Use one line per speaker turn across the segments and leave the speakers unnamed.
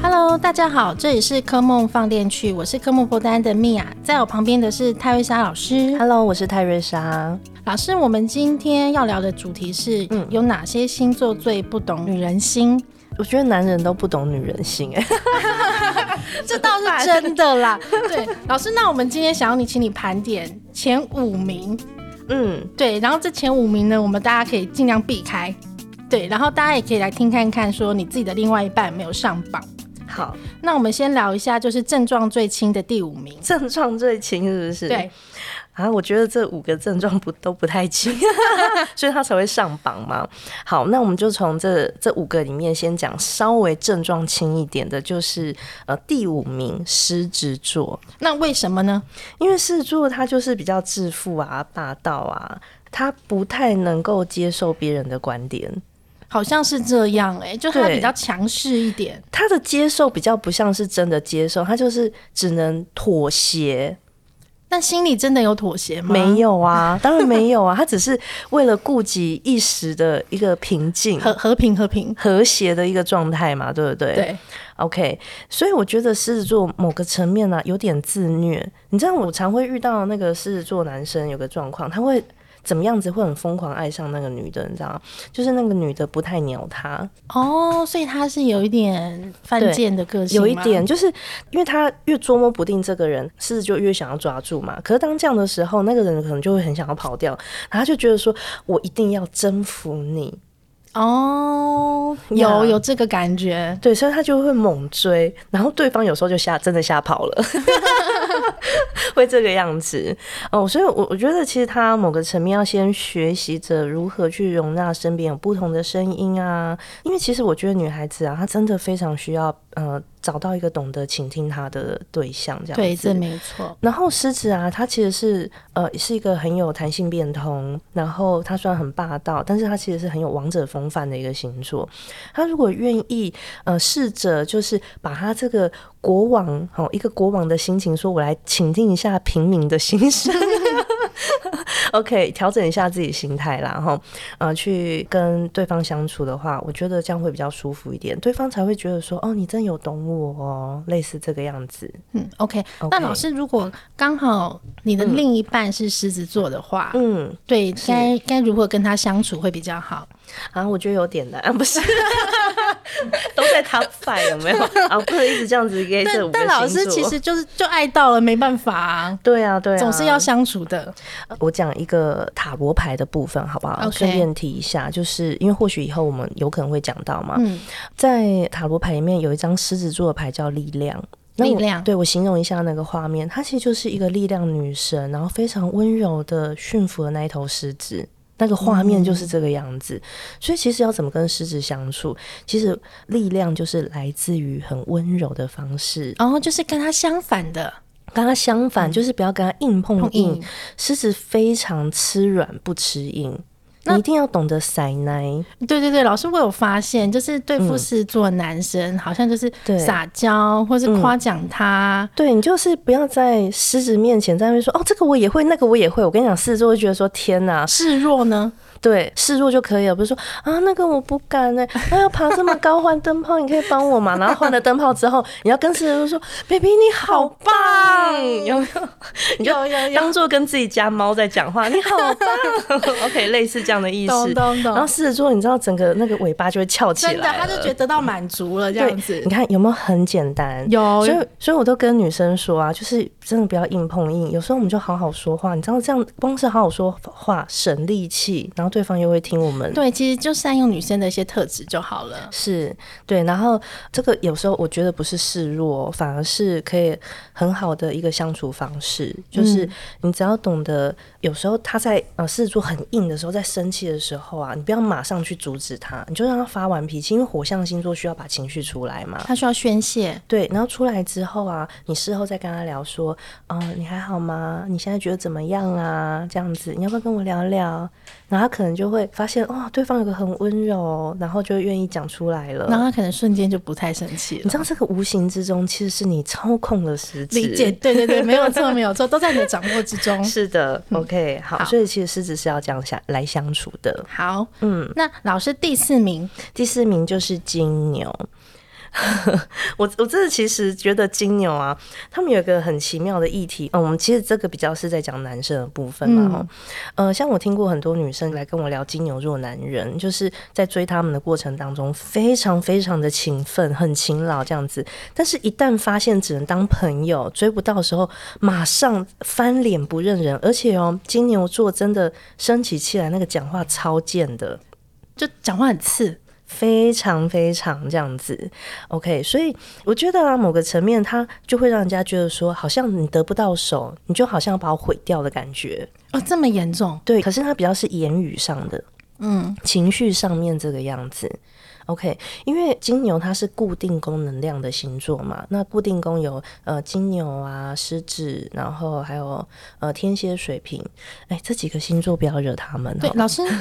Hello，大家好，這裡是柯夢放電區，我是柯夢波丹的米婭，在我旁邊的是泰瑞莎老師。Hello，我是泰瑞莎老師。我們今天要聊的主題是、嗯、有哪些星座最不懂女人心？我覺得男人都不懂女人心、欸，哎， 這倒是真的啦。 對，老師，那我們今天想要你，請你盤點前五名。嗯，對，然後這前五名呢，我們大家可以儘量避開。對，然後大家也可以來聽看看，說你自己的另外一半沒有上榜。好，那我們先聊一下，就是症狀最輕的第五名，症狀最輕是不是？
對。啊，我覺得這五個症狀不都不太輕， 所以他才會上榜嘛。好，那我們就從這這五個裡面先講稍微症狀輕一點的，就是呃第五名獅子座。那為什麼呢？因為獅子座他就是比較自負啊、霸道啊，他不太能夠接受別人的觀點。
好像是這樣哎、欸，就是、他比較強勢一點，
他的接受比較不像是真的接受，他就是只能妥協。
但心裡真的有妥協嗎？沒
有啊，當然沒有啊， 他只是為了顧及一時的一個平靜和和平、和平和諧的一個狀態嘛，對不對？對，OK。所以我覺得獅子座某個層面呢、啊，有點自虐。你知道，我常會遇到那個獅子座男生有個狀況，他會。怎麼樣子會很瘋狂愛上那個女的？你知道嗎？就是那個女的不太鳥他
哦，所以他是有一點犯賤的個性，有一點就
是因為他越捉摸不定這個人，獅子就越想要抓住嘛。可是當這樣的時候，那個人可能就會很想要跑掉，然後他就覺得說我一定要征服你。哦，oh, yeah. 有有這個感覺，對，所以他就會猛追，然後對方有時候就嚇，真的嚇跑了， 會這個樣子哦。所以我我覺得，其實他某個層面要先學習着如何去容納身邊有不同的聲音啊，因為其實我覺得女孩子啊，她真的非常需要。呃、嗯，找到一個懂得傾聽他的對象，這樣子。對，這沒錯。然後獅子啊，他其實是呃是一個很有彈性變通，然後他雖然很霸道，但是他其實是很有王者風範的一個星座。他如果願意呃試着，就是把他這個國王，哦、喔，一個國王的心情，說我來傾聽一下平民的心聲。 OK，調整一下自己心態啦，哈，呃，去跟對方相處的話，我覺得這樣會比較舒服一點，對方才會覺得說，哦，你真有懂我哦，類似這個樣子。
嗯，OK，okay。那老師，如果剛好你的另一半是獅子座的話，嗯，對，該該是如何跟他相處會比較好？啊，我覺得有點難，不是
都在 top five 有沒有？ 啊，不能一直這樣子對這五個星座。但老師其實
就是就愛到了，沒辦法，啊。對啊，對啊，對啊，總是要相處的。
我講一個塔羅牌的部分好不好？順便提一下，就是因為或許以後我們有可能會講到嘛。嗯，在塔羅牌裡面有一張獅子座的牌叫力量，力量。我對我形容一下那個畫面，它其實就是一個力量女神，然後非常溫柔的馴服了那一頭獅子。那個畫面就是這個樣子，嗯、所以其實要怎麼跟獅子相處，其實力量就是來自於很溫柔的方式，然後、哦、就是跟他相反的，跟他相反就是不要跟他硬碰硬，硬獅子非常吃軟不吃硬。那一定要懂得撒奶。
對對對，老師，我有發現，就是對付獅子座男生，嗯、好像就是撒嬌，對或是誇獎他。嗯、對，你就是不要在獅子面前在那邊說哦，這個我也會，那個我也會。
我跟你講，獅子座會覺得說天呐，示弱呢。對，示弱就可以了。比如說啊，那個我不敢哎、欸，哎、啊、要爬這麼高換燈泡， 你可以幫我嗎？然後換了燈泡之後，你要跟獅子座說 ：“baby 你好棒，好棒！”有沒有？有有有，你就當做跟自己家貓在講話，“你好棒 ！”OK，類似這樣的意思。 然後獅子座，你知道整個那
個尾巴就會翹起來。真的，他就覺得得到滿足了這樣子。 你看
有沒有很簡單？有。所以，所以我都跟女生說啊，就是。真的不要硬碰硬，有時候我們就好好說話，你知道這樣光是好好說話省力氣，然後對方又會聽我們。
對，其實就善用女生的
一些特質就好了。是對，然後這個有時候我覺得不是示弱，反而是可以很好的一個相處方式，就是你只要懂得，有時候他在、嗯、呃事做很硬的時候，在生氣的時候啊，你不要馬上去阻止他，你就讓他發完脾氣，因為火象星座需要把情緒出來嘛，他需要宣泄。對，然後出來之後啊，你事後再跟他聊說。嗯、哦，你還好嗎？你現在覺得怎麼樣啊？這樣子，你要不要跟我聊聊？然後他可能就會發現，哇、哦，對方有個很溫柔、哦，然後就願意講出來了。然後他可能瞬間就不太生氣了。你知道這個無形之中其實是你操控了獅子。理解，對對對，沒有錯，
沒有錯，都在你的掌握之中。是的、嗯、
OK，好。好，所以其實獅子是要這樣相來相處的。好，嗯，那老師第四名，第四名就是金牛。 我我真的其實覺得金牛啊，他們有個很奇妙的議題。嗯，我們其實這個比較是在講男生的部分嘛。嗯、呃，像我聽過很多女生來跟我聊金牛座男人，就是在追他們的過程當中，非常非常的勤奮，很勤勞這樣子。但是，一旦發現只能當朋友，追不到的時候，馬上翻臉不認人。而且哦，金牛座真的生起氣來，那個講話超賤的，就講話很刺。非常非常這樣子，OK，所以我覺得啊，某個層面它就會讓人家覺得說，好像你得不到手，你就好像要把我毀掉的感覺哦，
這麼嚴重？
對，可是他比較是言語上的，嗯，情緒上面這個樣子，OK，因為金牛它是固定宮能量的星座嘛，那固定宮有呃金牛啊、獅子，然後還有呃天蠍、水瓶，
哎、欸，這幾個星座不要惹他們，對，老師。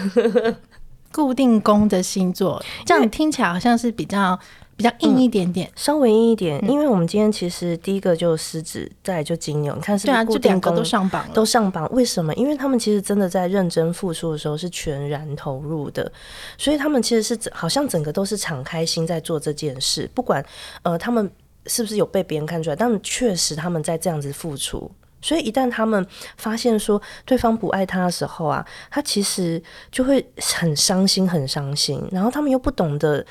固定宮的星座，這樣你聽起來好像是比較、嗯、比較硬一點點，稍微硬一點。嗯、因為我們今天其
實第一個就獅子，再就金牛，你看是固定宮、啊、都上榜都上榜。為什麼？因為他們其實真的在認真付出的時候是全然投入的，所以他們其實是好像整個都是敞開心在做這件事，不管呃他們是不是有被別人看出來，但確實他們在這樣子付出。所以一旦他們發現說對方不愛他的時候啊，他其實就會很傷心很傷心，然後他們又不懂得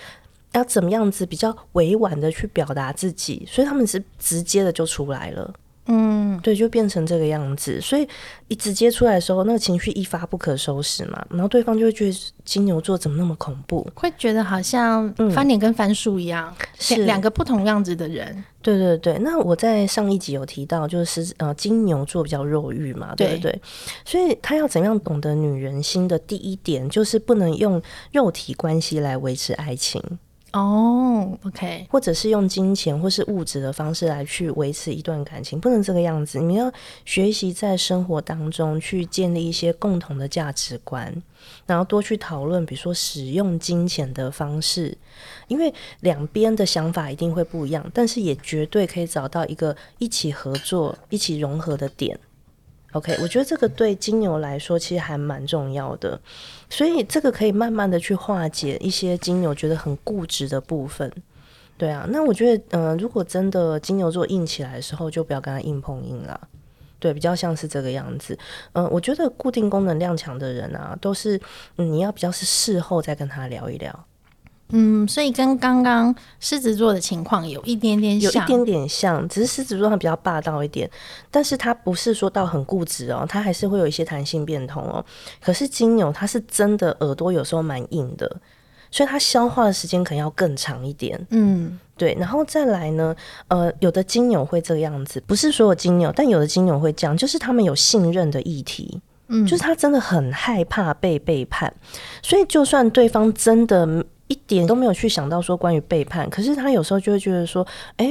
要怎麼樣子比較委婉的去表達自己，所以他們是直接的就出來了。嗯，對，就變成這個樣子，所以一直接出來的時候，那個情緒一發不可收拾嘛，然後對方就會覺得金牛座怎麼那麼恐怖，
會覺得好像翻臉跟翻書一樣，嗯、是兩個不同樣子的人。
對對對，那我在上一集有提到，就是呃，金牛座比較肉慾嘛，對對，對對？所以他要怎樣懂得女人心的第一點，就是不能用肉體關係來維持愛情。哦，OK，或者是用金錢或是物質的方式來去維持一段感情，不能這個樣子。你要學習在生活當中去建立一些共同的價值觀，然後多去討論，比如說使用金錢的方式，因為兩邊的想法一定會不一樣，但是也絕對可以找到一個一起合作、一起融合的點。OK，我覺得這個對金牛來說其實還蠻重要的，所以這個可以慢慢的去化解一些金牛覺得很固執的部分。對啊，那我覺得，嗯、呃，如果真的金牛座硬起來的時候，就不要跟他硬碰硬了，對，比較像是這個樣子。嗯、呃，我覺得固定宮能量強的人啊，都是、嗯、你要比較是事後再跟他聊一聊。
嗯，所以跟剛剛獅子座的情況有一點點像，有一點
點像，只是獅子座它比較霸道一點，但是它不是說到很固執哦，它還是會有一些彈性變通哦。可是金牛它是真的耳朵有時候蠻硬的，所以它消化的時間可能要更長一點。嗯，對。然後再來呢，呃，有的金牛會這個樣子，不是所有金牛，但有的金牛會這樣，就是他們有信任的議題，嗯，就是他真的很害怕被背叛，所以就算對方真的。一點都沒有去想到說關於背叛，可是他有時候就會覺得說，哎，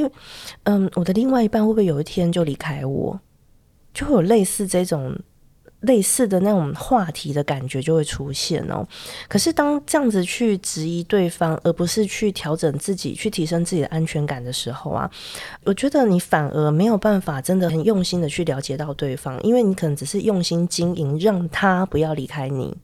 嗯，我的另外一半會不會有一天就離開我？就會有類似這種類似的那種話題的感覺就會出現哦。可是當這樣子去質疑對方，而不是去調整自己、去提升自己的安全感的時候啊，我覺得你反而沒有辦法真的很用心的去了解到對方，因為你可能只是用心經營，讓他不要離開你。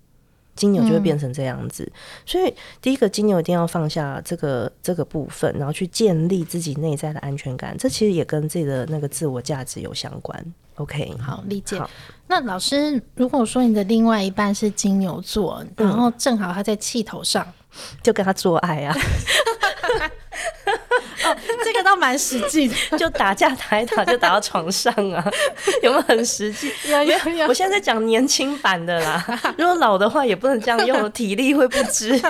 金牛就會變成這樣子，嗯、所以第一個金牛一定要放下這個這個部分，然後去建立自己內在的安全感。這其實也跟自己的那個自我價值有相關。OK，好，理
解。好那老師，如果說你的另外一半是金牛座，然後正好他在氣頭上，嗯，就跟他做愛啊？ 哦，這個倒蠻實際， 就
打架打一打就打到床上啊，有沒有很實際？有有有。我現在在講年輕版的啦，如果老的話也不能這樣用，體力會不支。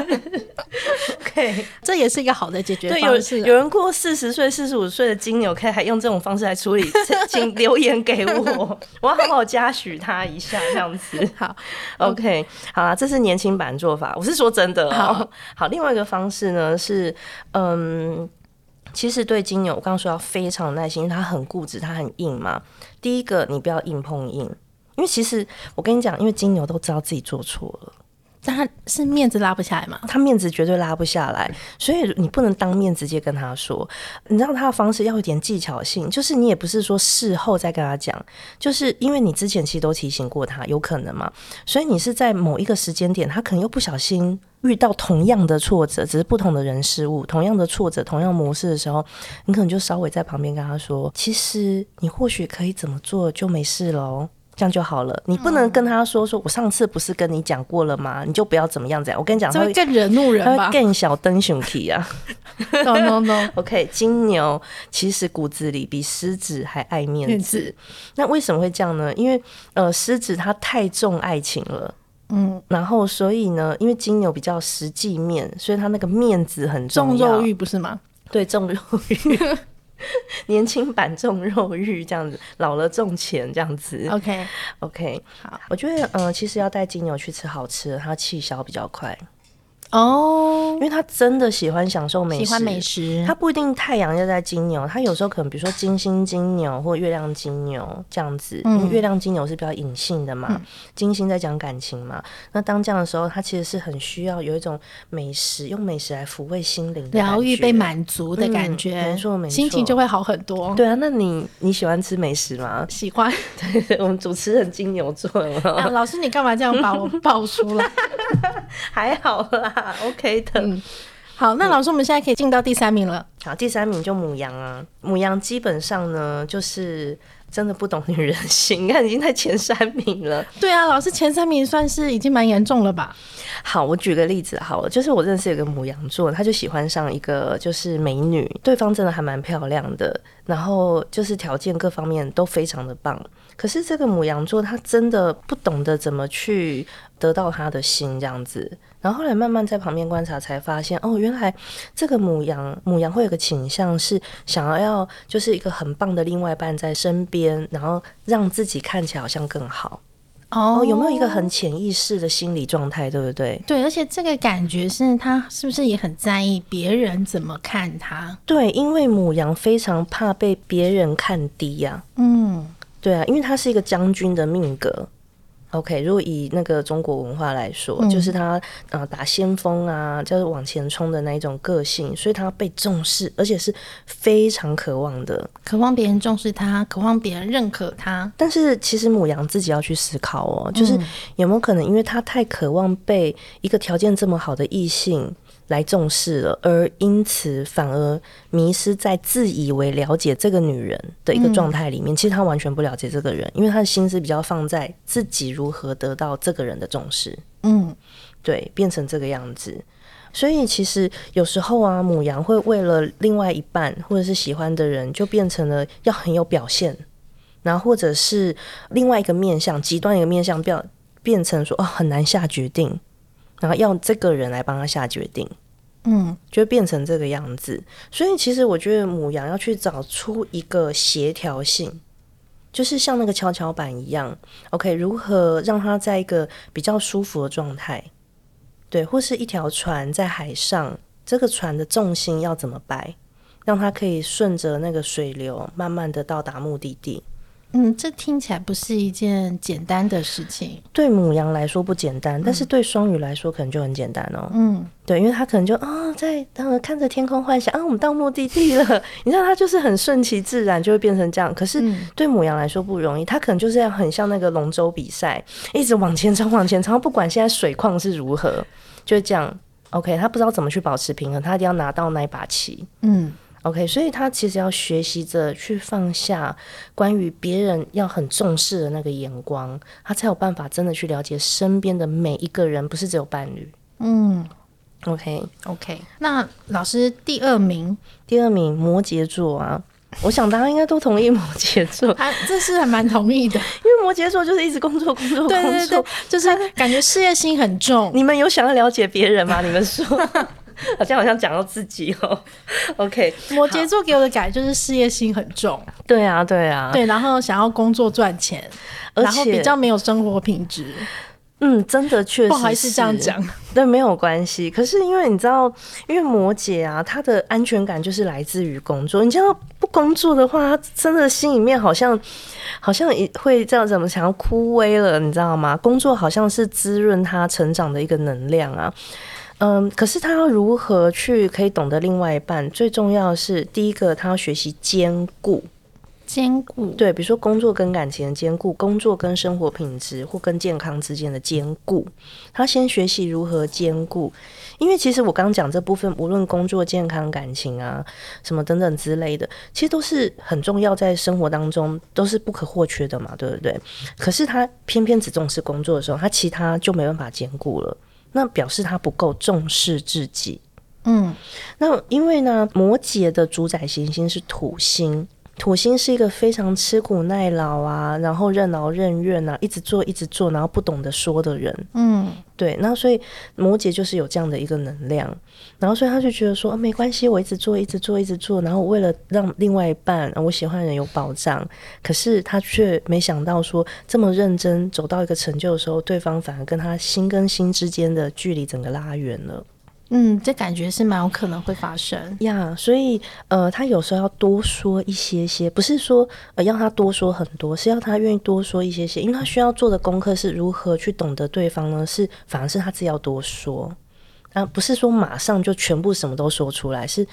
OK，這也是一個好的解決方式。對，有，有人過四十歲、四十五歲的金牛，可以還用這種方式來處理， 請留言給我，我要好好嘉許他一下。這樣子好，OK，好啊，這是年輕版做法，我是說真的喔。好好，另外一個方式呢是，嗯。嗯，其實對金牛，我剛剛說要非常耐心，因為他很固執，他很硬嘛。第一個，你不要硬碰硬，因為其實我跟你講，因為金牛都知道自己做錯了，但他是面子拉不下來嘛，他面子絕對拉不下來，所以你不能當面直接跟他說。你知道他的方式要有一點技巧性，就是你也不是說事後再跟他講，就是因為你之前其實都提醒過他，有可能嘛，所以你是在某一個時間點，他可能又不小心。.遇到同樣的挫折，只是不同的人事物，同樣的挫折，同樣模式的時候，你可能就稍微在旁邊跟他說：“其實你或許可以怎麼做，就沒事嘍，這樣就好了。嗯”你不能跟他說：“說我上次不是跟你講過了嗎？你就不要怎麼樣。”這樣，我跟你講，他會更惹怒人，他會更小燈熊題啊 ！No no no，OK，、okay, 金牛其實骨子裡比獅子還愛面子。子。那為什麼會這樣呢？因為呃，獅子它太重愛情了。嗯，然後所以呢，因為金牛比較實際面，所以他那個面子很重要。重肉慾不是嗎？對，重肉慾， 年輕版重肉慾這樣子，老了重錢這樣子。OK，OK，Okay. Okay, 好，我覺得嗯、呃，其實要帶金牛去吃好吃，它氣消比較快。
哦，oh, 因為
他真的喜歡享受美食，喜歡美食。他不一定太陽要在金牛，他有時候可能比如說金星金牛或月亮金牛這樣子。嗯、因為月亮金牛是比較隱性的嘛，金星、嗯、在講感情嘛。那當這樣的時候，他其實是很需要有一種美食，用美食來撫慰心靈、療癒、被滿足的感覺。說美食，沒錯沒錯，心情就
會好很多。對
啊，那你你喜歡吃美食嗎？喜歡。 我們主持人金牛座、哦啊，老
師你幹嘛這樣把我爆出來？ 還好啦。O、okay、K 的，嗯，好，那老師，我們現在可以進到第三名了，
嗯。好，第三名就牡羊啊，牡羊基本上呢，就是真的不懂女人心。你看，已經在前三名了。對啊，老師，前
三名算是已經蠻嚴重了吧？
好，我舉個例子好了，就是我認識有個牡羊座，他就喜歡上一個就是美女，對方真的還蠻漂亮的，然後就是條件各方面都非常的棒。可是這個牡羊座，他真的不懂得怎麼去得到他的心，這樣子。然後後來慢慢在旁邊觀察，才發現哦，原來這個牡羊牡羊會有個傾向，是想要要就是一個很棒的另外一半在身邊，然後讓自己看起來好像更好、oh, 哦。有沒有一個很潛意識的心理狀態，對不對？
對，而且這個感覺是，他是不是也很在意別人怎麼看他？
對，因為牡羊非常怕被別人看低啊。嗯，對啊，因為他是一個將軍的命格。OK，如果以那個中國文化來說，嗯、就是他呃打先鋒啊，就是往前衝的那一種個性，所以他被重視，而且是非常渴望的，渴望
別人重視他，渴望別人認可他。
但是其實牡羊自己要去思考哦，就是有沒有可能，因為他太渴望被一個條件這麼好的異性。來重視了，而因此反而迷失在自以為了解這個女人的一個狀態裡面。嗯、其實他完全不了解這個人，因為他的心思比較放在自己如何得到這個人的重視。嗯，對，變成這個樣子。所以其實有時候啊，牡羊會為了另外一半或者是喜歡的人，就變成了要很有表現，然後或者是另外一個面向，極端一個面向，變變成說哦，很難下決定。然後要這個人來幫他下決定，
嗯，
就變成這個樣子。嗯、所以其實我覺得牡羊要去找出一個協調性，就是像那個蹺蹺板一樣，OK，如何讓它在一個比較舒服的狀態。對，或是一條船在海上，這個船的重心要怎麼擺，讓它可以順着那個水流，慢慢的到達目的地。嗯，這聽起來不是一件簡單的事情。對牡羊來說不簡單，嗯、但是對雙魚來說可能就很簡單哦、喔。嗯，對，因為他可能就啊、哦，在呃看着天空幻想啊，我們到目的地了。 你知道，他就是很順其自然就會變成這樣。可是對牡羊來說不容易，他可能就是要很像那個龍舟比賽，一直往前衝往前衝，不管現在水況是如何，就這樣。OK，他不知道怎麼去保持平衡，他一定要拿到那一把旗。嗯。OK，所以他其實要學習着去放下關於別人要很重視的那個眼光，他才有辦法真的去了解身邊的每一個人，不是只有伴侶。嗯，OK，OK。Okay, Okay. 那老師第二名，第二名摩羯座啊，我想大家應該都同意摩羯座，啊、這是還蠻同意的，因為摩羯座就是一直工作，工作，工作，
啊、就是感覺事業心很重。你們有想要了解別人嗎？你們說。 好像好像講到自己哦，OK，摩羯座給我的感覺就是事業心很重，對啊對啊，對，然後想要工作賺錢，
而且然後比較沒
有生活品質，嗯，真的確實是，不好意思這樣講，
對，沒有關係。可是因為你知道，因為摩羯啊，他的安全感就是來自於工作，你知道不工作的話，他真的心裡面好像好像也會這樣怎麼想要枯萎了，你知道嗎？工作好像是滋潤他成長的一個能量啊。嗯，可是他要如何去可以懂得另外一半？最重要的是，第一個他要學習兼顧，兼顧。對，比如說工作跟感情的兼顧，工作跟生活品質或跟健康之間的兼顧，他先學習如何兼顧。因為其實我剛講這部分，無論工作、健康、感情啊，什麼等等之類的，其實都是很重要，在生活當中都是不可或缺的嘛，對不對？可是他偏偏只重視工作的時候，他其他就沒辦法兼顧了。那表示他不夠重視自己，嗯，那因為呢，摩羯的主宰行星是土星。土星是一個非常吃苦耐勞啊，然後任勞任怨啊，一直做一直做，然後不懂得說的人。
嗯，
對。那所以摩羯就是有這樣的一個能量，然後所以他就覺得說，啊，沒關係，我一直做一直做一直做，然後我為了讓另外一半，啊，我喜歡的人有保障，可是他卻沒想到說這麼認真走到一個成就的時候，對方反而跟他心跟心之間的距離整個拉遠了。
嗯，這感覺
是蠻有可能會發生呀，yeah, 所以呃，他有時候要多說一些些，不是說呃，要他多說很多，是要他願意多說一些些，因為他需要做的功課是如何去懂得對方呢？是反而是他自己要多說，啊，不是說馬上就全部什麼都說出來，是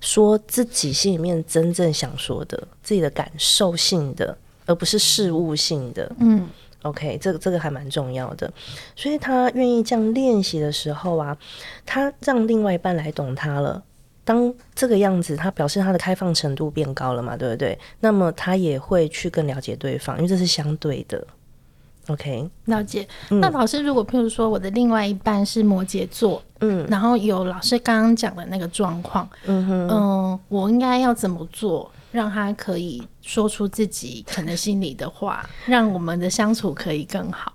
說自己心裡面真正想說的，自己的感受性的，而不是事物性的，嗯。OK，這個這個還蠻重要的，所以他願意這樣練習的時候啊，他讓另外一半來懂他了。當這個樣子，他表示他的開放程度變高了嘛，對不對？那麼他也會去更了解對方，因為這是相對的。OK，
了解。那老師，如果譬如說我的另外一半是摩羯座，嗯，然後有老師剛剛講的那個狀況，嗯哼，嗯，呃，我應該要怎麼做？讓他可以說出自己可能心裡的話，讓我們的相處可以更好。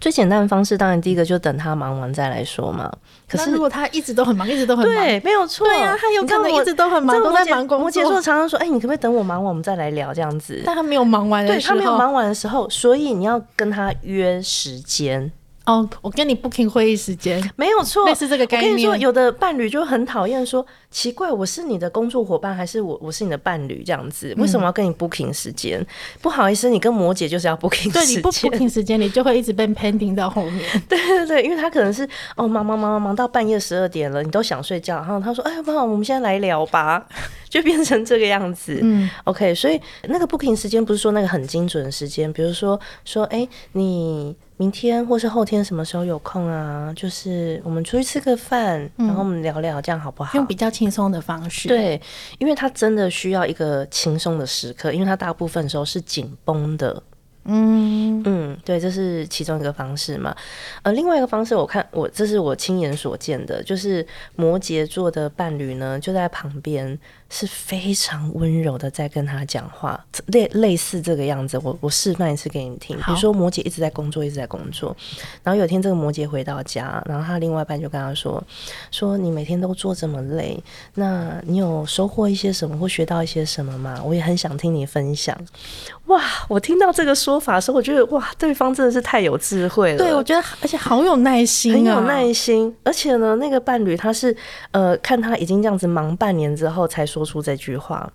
最簡
單的方式，當然第一個就等他忙完再來說嘛。
可是如果他一直都很忙，一直都很忙，對，沒有錯，對啊，他有可能一直都很忙，都在忙工作。我姐在忙，我姐說常
常說：“哎、欸，你可不可以等我忙完，我們再來聊這樣子？”但他
沒有忙完的時候。對，他沒有忙
完的時候，所以你要跟他約時
間。哦，oh, 我跟你 booking 會議時間，沒有錯，但是這個概念。我跟你說，
有的伴侶就很討厭說，奇怪，我是你的工作夥伴，還是我我是你的伴侶？這樣子，為什麼要跟你 booking 時間？嗯、不好意思，你跟摩羯就是要 booking 時間，你不 booking
時間，你就會一直被 pending 到後面。
對對對，因為他可能是哦，忙忙忙忙忙到半夜十二點了，你都想睡覺，然後他說，哎，不好，我們現在來聊吧，就變成這個樣子。嗯，OK，所以那個 booking 時間不是說那個很精準的時間，比如說說，哎，你。明天或是後天什麼時候有空啊？就是我們出去吃個飯，然後我們聊聊，這樣好不好？嗯，用比較輕鬆的方式。對，因為他真的需要一個輕鬆的時刻，因為他大部分時候是緊繃的。嗯 嗯，對，這是其中一個方式嘛。呃，另外一個方式我，我看我這是我親眼所見的，就是摩羯座的伴侶呢，就在旁邊是非常溫柔的在跟他講話，類類似這個樣子。我我示範一次給你聽，好比如說摩羯一直在工作，一直在工作，然後有一天這個摩羯回到家，然後他另外一半就跟他說：“說你每天都做這麼累，那你有收穫一些什麼，或學到一些什麼嗎？我也很想聽你分享。”哇，我聽到這個說法的時候，我覺得哇，對方真的是太有智慧了。對，我覺得，而且好有耐心啊，很有耐心。而且呢，那個伴侶他是呃，看他已經這樣子忙半年之後才說出這句話，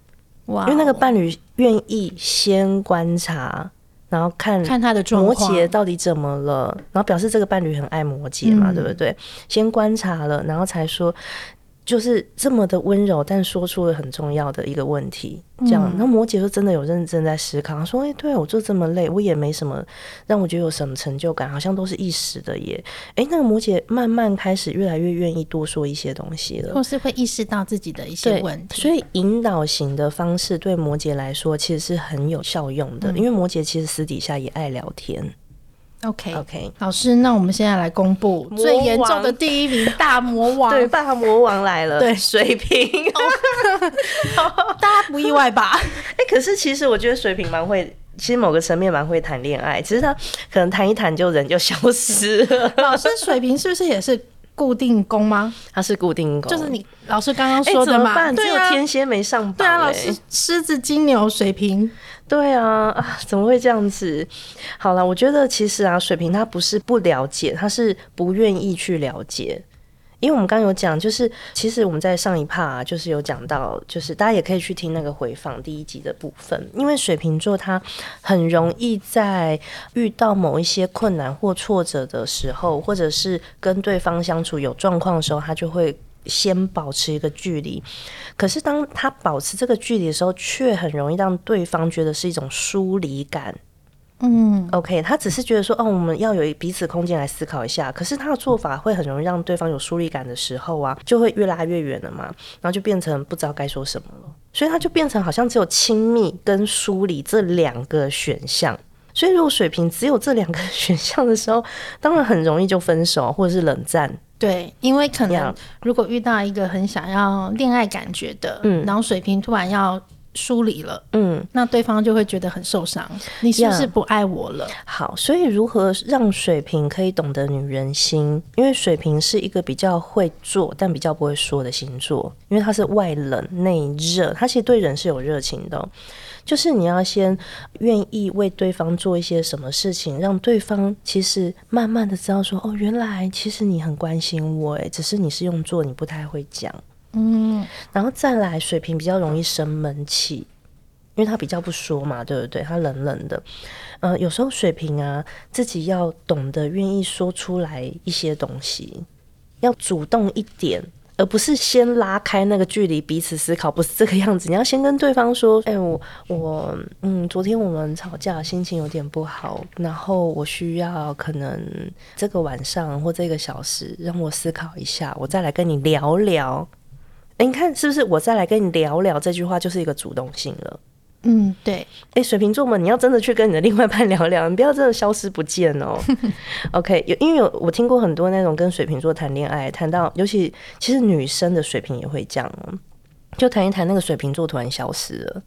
哇 Wow，因為那個伴侶願意先觀察，然後看看他的狀態，摩羯到底怎麼了，然後表示這個伴侶很愛摩羯嘛，嗯、對不對？先觀察了，然後才說。就是這麼的溫柔，但說出了很重要的一個問題。這樣，那、嗯、摩羯就真的有認真在思考，說：“哎、欸，對我做這麼累，我也沒什麼讓我覺得有什麼成就感，好像都是一時的耶。欸”哎，那個摩羯慢慢開始越來越願意多說一些東西了，或
是會意識到自己的一些問
題。所以引導型的方式對摩羯來說其實是很有效用的，嗯、因為摩羯其實私底下也愛聊天。
OK OK，老師，那我們現在來公布最嚴重的第一名大魔王，魔王 對，大魔王來了。對，水瓶， 大家不意外吧？哎、 欸，可是其實
我覺得水瓶蠻會，其實某個層面蠻會談戀愛，其實他可能談一談就人就消
失了。 老師，水瓶是不是也是？固定宮嗎？他是固定宮，就是你老師剛剛說的嘛？對啊，天蠍沒上榜，對啊，老師，獅子、金牛、水瓶。
對啊，啊，怎麼會這樣子？好了，我覺得其實啊，水瓶他不是不了解，他是不願意去了解。因為我們剛，剛有講，就是其實我們在上一 part 啊，就是有講到，就是大家也可以去聽那個回放第一集的部分。因為水瓶座他很容易在遇到某一些困難或挫折的時候，或者是跟對方相處有狀況的時候，他就會先保持一個距離。可是當他保持這個距離的時候，卻很容易讓對方覺得是一種疏離感。嗯，OK，他只是覺得說，哦，我們要有彼此空間來思考一下。可是他的做法會很容易讓對方有疏離感的時候啊，就會越拉越遠了嘛，然後就變成不知道該說什麼了。所以他就變成好像只有親密跟疏離這兩個選項。所以如果水瓶只有這兩個選項的時候，當然很容易就分手或者是冷戰。
對，因為可能如果遇到一個很想要戀愛感覺的，嗯，然後水瓶突然要。梳理了，嗯，那對方就會覺得很受傷。你是不是不愛我
了？Yeah, 好，所以如何讓水瓶可以懂得女人心？因為水瓶是一個比較會做，但比較不會說的星座。因為它是外冷內熱，它其實對人是有熱情的哦。就是你要先願意為對方做一些什麼事情，讓對方其實慢慢的知道說，哦，原來其實你很關心我，哎，只是你是用做，你不太會講。嗯， 然後再來，水瓶比較容易生悶氣，因為他比較不說嘛，對不對？他冷冷的，嗯、呃，有時候水瓶啊，自己要懂得願意說出來一些東西，要主動一點，而不是先拉開那個距離，彼此思考不是這個樣子。你要先跟對方說：“哎，我我嗯，昨天我們吵架，心情有點不好，然後我需要可能這個晚上或這個小時，讓我思考一下，我再來跟你聊聊。”哎，欸、你看是不是？我再來跟你聊聊，這句話就是一個主動性了。嗯，對。哎，欸、水瓶座嘛，你要真的去跟你的另外一半聊聊，你不要真的消失不見哦。 OK，有因為有我聽過很多那種跟水瓶座談戀愛談到，尤其其實女生的水瓶也會這樣哦，就談一談那個水瓶座突然消失了。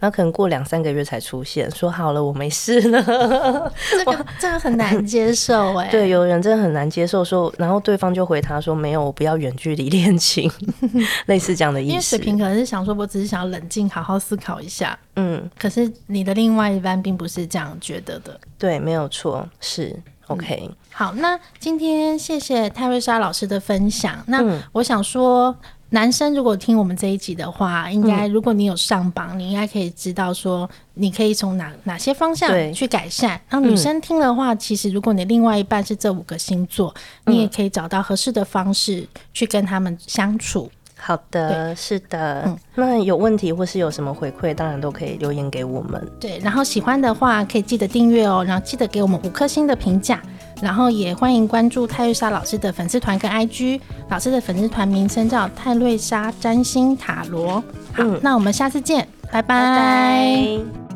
那可能過兩三個月才出現，說好了我沒事了，這個
我這個很難接受哎。對，有
人真的很難接受說，說然後對方就回答說沒有，我不要遠距離戀情， 類似這樣的意思。因為水瓶
可能是想說，我只是想要冷靜好好思考一下，嗯。可是你的另外一半並不是這樣覺得的，
對，沒有錯，是、嗯、OK。
好，那今天謝謝泰瑞莎老師的分享。那我想說。嗯男生如果聽我們這一集的話，應該如果你有上榜，嗯、你應該可以知道說，你可以從哪哪些方向去改善。那、嗯、女生聽的話，其實如果你另外一半是這五個星座，嗯、你也可以找到合適的方式去跟他們相處。好的，對是的，嗯，那有問題或是有什麼回饋，當然都可以留言給我們。對，然後喜歡的話可以記得訂閱哦，然後記得給我們五顆星的評價。然後也歡迎關注泰瑞莎老師的粉絲團跟 IG 老師的粉絲團，名稱叫泰瑞莎占星塔羅。好，嗯、那我們下次見，拜拜。拜拜。